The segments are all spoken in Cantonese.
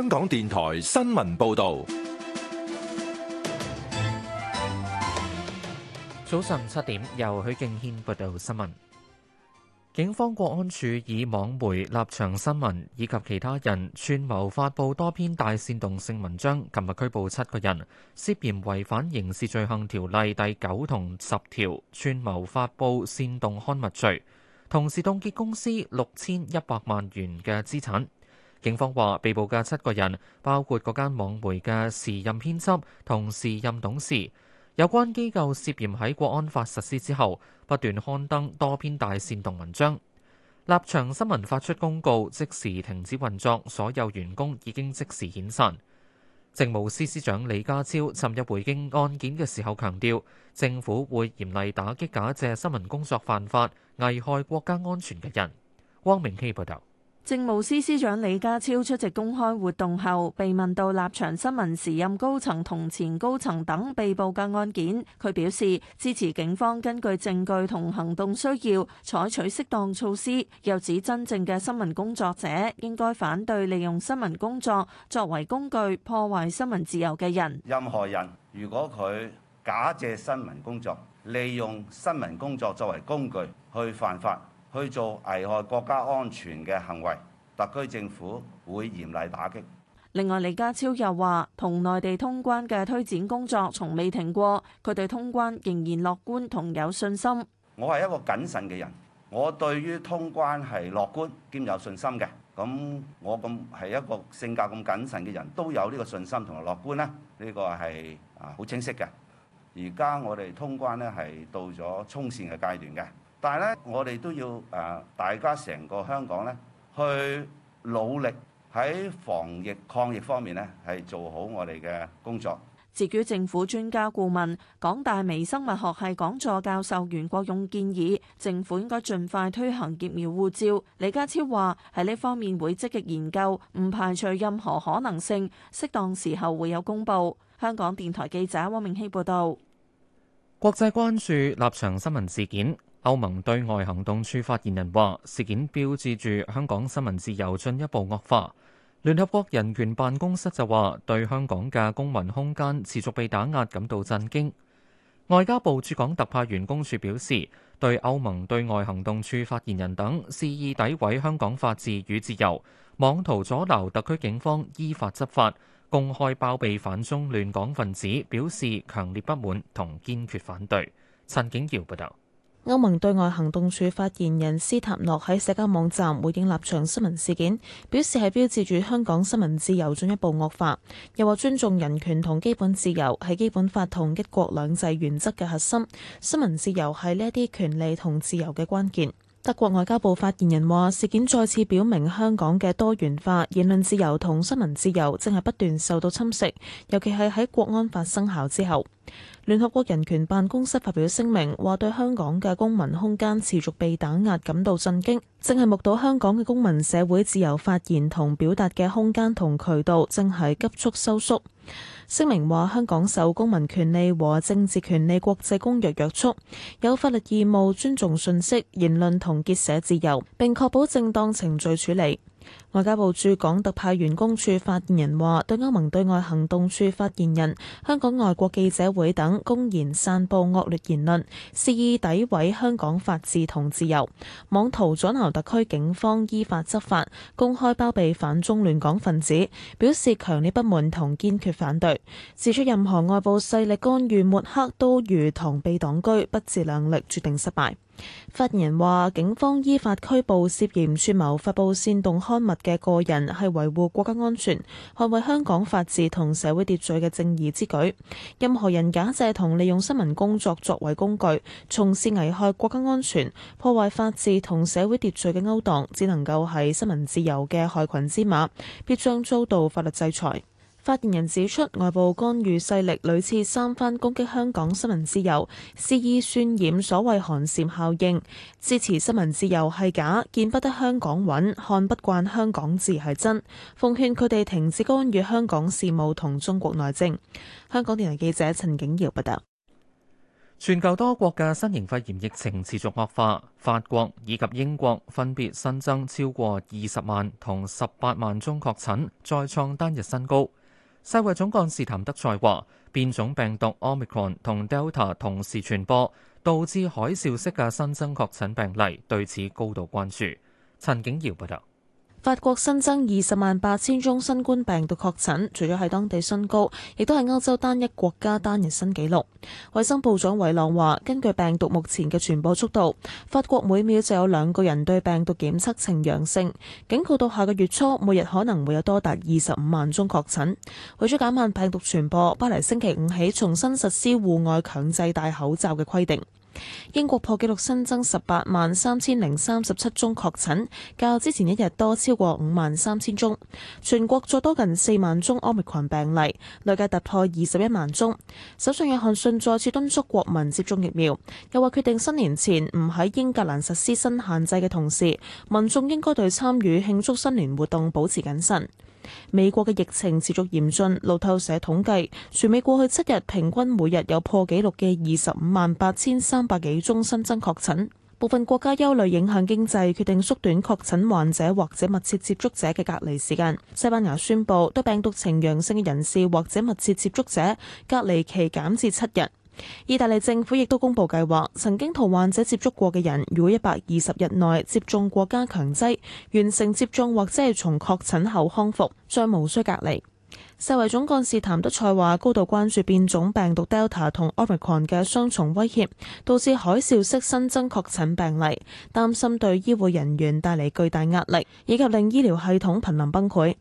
香港電台新聞報道，早上七點，由許敬軒報道新聞。警方國安處以網媒立場新聞以及其他人串謀發布多篇大煽動性文章，琴日拘捕七個人，涉嫌違反刑事罪行條例第九同十條串謀發布煽動刊物罪，同時凍結公司六千一百萬元嘅資產。警方話，被捕嘅七個人包括嗰間網媒嘅時任編輯同時任董事。有關機構涉嫌喺國安法實施之後不斷刊登多篇大煽動文章。立場新聞發出公告，即時停止運作，所有員工已經即時遣散。政務司司長李家超尋日回應案件嘅時候強調，政府會嚴厲打擊假借新聞工作犯法、危害國家安全嘅人。汪明希報道。政務司司長李家超出席公開活動後，被問到立場新聞時任高層同前高層等被捕嘅案件，佢表示支持警方根據證據同行動需要採取適當措施，又指真正嘅新聞工作者應該反對利用新聞工作作為工具破壞新聞自由嘅人。任何人如果佢假借新聞工作，利用新聞工作作為工具去犯法，去做危害國家安全嘅行為，特區政府會嚴厲打擊。另外，李家超又話，同內地通關嘅推展工作從未停過，佢對通關仍然樂觀同有信心。我係一個謹慎嘅人，我對於通關係樂觀兼有信心嘅。咁我咁係一個性格咁謹慎嘅人，都有呢個信心同埋樂觀咧。呢、呢個係啊好清晰嘅。而家我哋通關咧係到咗衝線嘅階段嘅。但係咧，我哋都要誒，大家成個香港呢，去努力喺防疫抗疫方面呢，係做好我哋嘅工作。至於政府專家顧問、港大微生物學系講座教授袁國勇建議，政府應該盡快推行疫苗護照。李家超話喺呢方面會積極研究，唔排除任何可能性，適當時候會有公佈。香港電台記者汪明熙報道。國際關注立場新聞事件。歐盟對外行動處發言人話：事件標誌住香港新聞自由進一步惡化。聯合國人權辦公室就話，對香港嘅公民空間持續被打壓感到震驚。外交部駐港特派員公署表示，對歐盟對外行動處發言人等肆意詆毀香港法治與自由、妄圖阻撓特區警方依法執法、公開包庇反中亂港分子，表示強烈不滿同堅決反對。陳景耀報道。歐盟對外行動處發言人斯塔諾喺社交網站回應立場新聞事件，表示係標誌住香港新聞自由進一步惡化，又話尊重人權同基本自由係基本法同一國兩制原則嘅核心，新聞自由係呢一啲權利同自由嘅關鍵。德國外交部發言人話：事件再次表明，香港嘅多元化、言論自由同新聞自由正係不斷受到侵蝕，尤其係喺國安法生效之後。聯合國人權辦公室發表聲明，話對香港嘅公民空間持續被打壓感到震驚，正係目睹香港嘅公民社會自由發言同表達嘅空間同渠道正係急速收縮。聲明話：香港受公民權利和政治權利國際公約約束，有法律義務尊重信息、言論同結社自由，並確保正當程序處理。外交部駐港特派員公署發言人話：對歐盟對外行動處發言人、香港外國記者會等公然散布惡劣言論、肆意詆毀香港法治同自由、妄圖阻撓特區警方依法執法、公開包庇反中亂港分子，表示強烈不滿同堅決反對。指出任何外部勢力干預，抹黑都如同被黨居，不自量力，注定失敗。發言人話，警方依法拘捕涉嫌串謀發布煽動刊物嘅個人，係維護國家安全、捍衛香港法治同社會秩序嘅正義之舉。任何人假借同利用新聞工作作為工具，從事危害國家安全、破壞法治同社會秩序嘅勾當，只能夠係新聞自由嘅害群之馬，必將遭到法律制裁。發言人指出，外部干預勢力屢次三番攻擊香港新聞自由，肆意渲染所謂寒蟬效應，支持新聞自由係假，見不得香港穩，看不慣香港字係真，奉勸佢哋停止干預香港事務同中國內政。香港電台記者陳景瑤報道。全球多國嘅新型肺炎疫情持續惡化，法國以及英國分別新增超過二十萬同十八萬宗確診，再創單日新高。世衛總幹事譚德賽話：變種病毒 Omicron 同 Delta 同時傳播，導致海嘯式嘅新增確診病例，對此高度關注。陳景瑤報道。法國新增二十萬八千宗新冠病毒確診，除咗係當地新高，亦都係歐洲單一國家單日新紀錄。衛生部長韋朗話，根據病毒目前嘅傳播速度，法國每秒就有兩個人對病毒檢測呈陽性，警告到下個月初，每日可能會有多達二十五萬宗確診。為咗減慢病毒傳播，巴黎星期五起重新實施戶外強制戴口罩嘅規定。英國破紀錄新增十八萬三千零三十七宗確診，較之前一日多超過五萬三千宗。全國再多近四萬宗 Omicron 病例，累計突破二十一萬宗。首相約翰遜再次敦促國民接種疫苗，又話決定新年前唔喺英格蘭實施新限制嘅同時，民眾應該對參與慶祝新年活動保持謹慎。美國嘅疫情持續嚴峻，路透社統計，全美過去七日平均每日有破紀錄嘅二十五萬八千三百幾宗新增確診。部分國家憂慮影響經濟，決定縮短確診患者或者密切接觸者嘅隔離時間。西班牙宣佈，對病毒呈陽性嘅人士或者密切接觸者隔離期減至七日。意大利政府亦都公布計劃，曾經同患者接觸過嘅人，如果一百二十日內接種過加強劑、完成接種或者係從確診後康復，將無需隔離。世衛總幹事譚德塞話：高度關注變種病毒 Delta 同 Omicron 嘅雙重威脅，導致海嘯式新增確診病例，擔心對醫護人員帶嚟巨大壓力，以及令醫療系統瀕臨崩潰。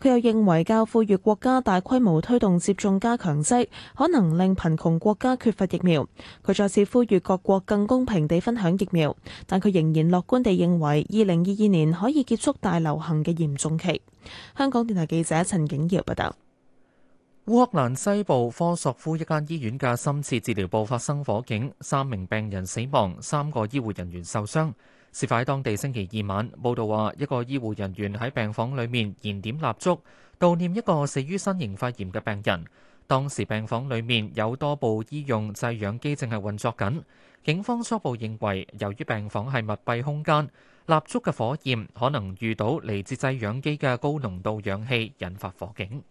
佢又認為，較富裕國家大規模推動接種加強劑，可能令貧窮國家缺乏疫苗。佢再次呼籲各國更公平地分享疫苗，但佢仍然樂觀地認為，二零二二年可以結束大流行嘅嚴重期。香港電台記者陳景耀報道。烏克蘭西部科索夫一間醫院嘅深切治療部發生火警，三名病人死亡，三個醫護人員受傷。事發喺當地星期二晚，報道話一個醫護人員喺病房裏面燃點蠟燭悼念一個死於新型肺炎嘅病人，當時病房裏面有多部醫用製氧機正係運作緊。警方初步認為，由於病房係密閉空間，蠟燭嘅火焰可能遇到嚟自製氧機嘅高濃度氧氣，引發火警。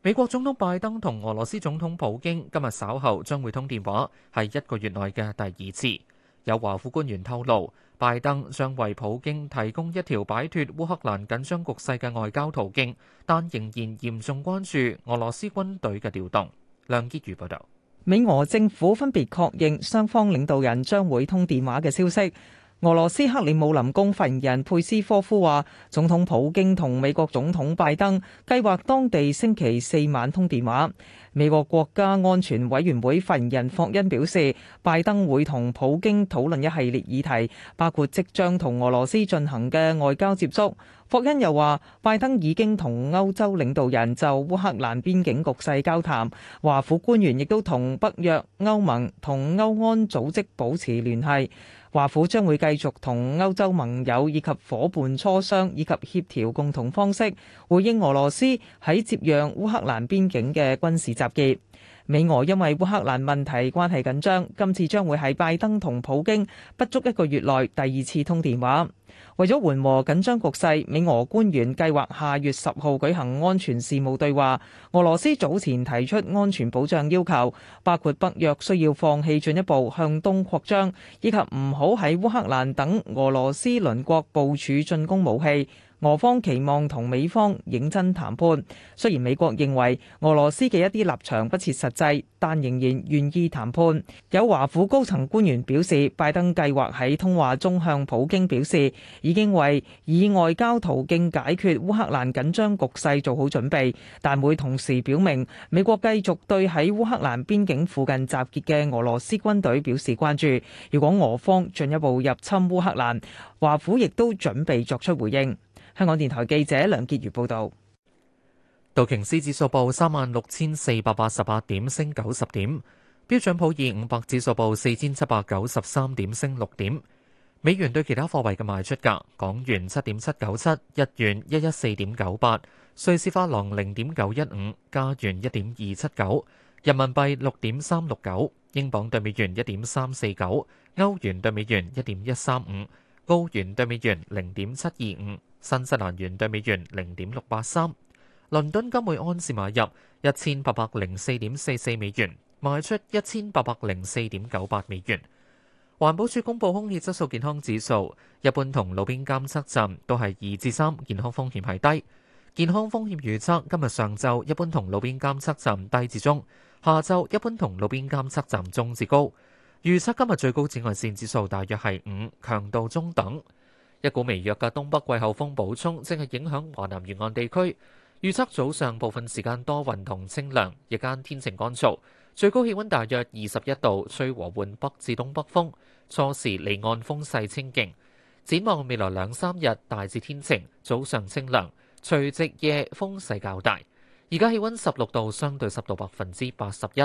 美國總統拜登同俄羅斯總統普京今日稍後將會通電話，係一個月內嘅第二次。有華府官員透露，拜登想為普京提供一條擺脫烏克蘭緊張局勢嘅外交途徑，但仍然嚴重關注俄羅斯軍隊嘅調動。梁潔如報道，美俄政府分別確認雙方領導人將會通電話嘅消息。俄羅斯克里姆林宮發言人佩斯科夫話，總統普京同美國總統拜登計劃當地星期四晚通電話。美國國家安全委員會發言人霍恩表示，拜登會同普京討論一系列議題，包括即將同俄羅斯進行嘅外交接觸。霍恩又話，拜登已經同歐洲領導人就烏克蘭邊境局勢交談，華府官員亦都同北約、歐盟同歐安組織保持聯繫。華府將會繼續同歐洲盟友以及伙伴磋商以及協調共同方式，回應俄羅斯喺接壤烏克蘭邊境嘅軍事集結。美俄因為烏克蘭問題關係緊張，今次將會係拜登同普京不足一個月內第二次通電話。為咗緩和緊張局勢，美俄官員計劃下月十號舉行安全事務對話。俄羅斯早前提出安全保障要求，包括北約需要放棄進一步向東擴張，以及唔好喺烏克蘭等俄羅斯鄰國部署進攻武器。俄方期望同美方認真談判，雖然美國認為俄羅斯嘅一啲立場不切實際，但仍然願意談判。有華府高層官員表示，拜登計劃喺通話中向普京表示，已經為以外交途徑解決烏克蘭緊張局勢做好準備，但會同時表明美國繼續對喺烏克蘭邊境附近集結嘅俄羅斯軍隊表示關注。如果俄方進一步入侵烏克蘭，華府亦都準備作出回應。香港電台記者梁潔如報道，道瓊斯指數報三萬六千四百八十八點，升九十點；標準普爾五百指數報四千七百九十三點，升六點。美元對其他貨幣嘅賣出價：港元七點七九七，日元一一四點九八，瑞士法郎零點九一五，加元一點二七九，人民幣六點三六九，英鎊兌美元一點三四九，歐元兌美元一點一三五，澳元兌美元零點七二五。新西蘭元兌美元零點六八三，倫敦金會安士買入一千八百零四點四四美元，賣出一千八百零四點九八美元。環保署公布空氣質素健康指數，一般同路邊監測站都係二至三，3, 健康風險係低。健康風險預測今日上晝一般同路邊監測站低至中，下晝一般同路邊監測站中至高。預測今日最高紫外線指數大約係五，強度中等。一股微弱嘅東北季候風補充，正係影響華南沿岸地區。預測早上部分時間多雲同清涼，日間天晴乾燥，最高氣溫大約二十一度，吹和緩北至東北風。初時離岸風勢清勁，展望未來兩三日大致天晴，早上清涼，除夕夜風勢較大。而家氣溫十六度，相對濕度百分之八十一。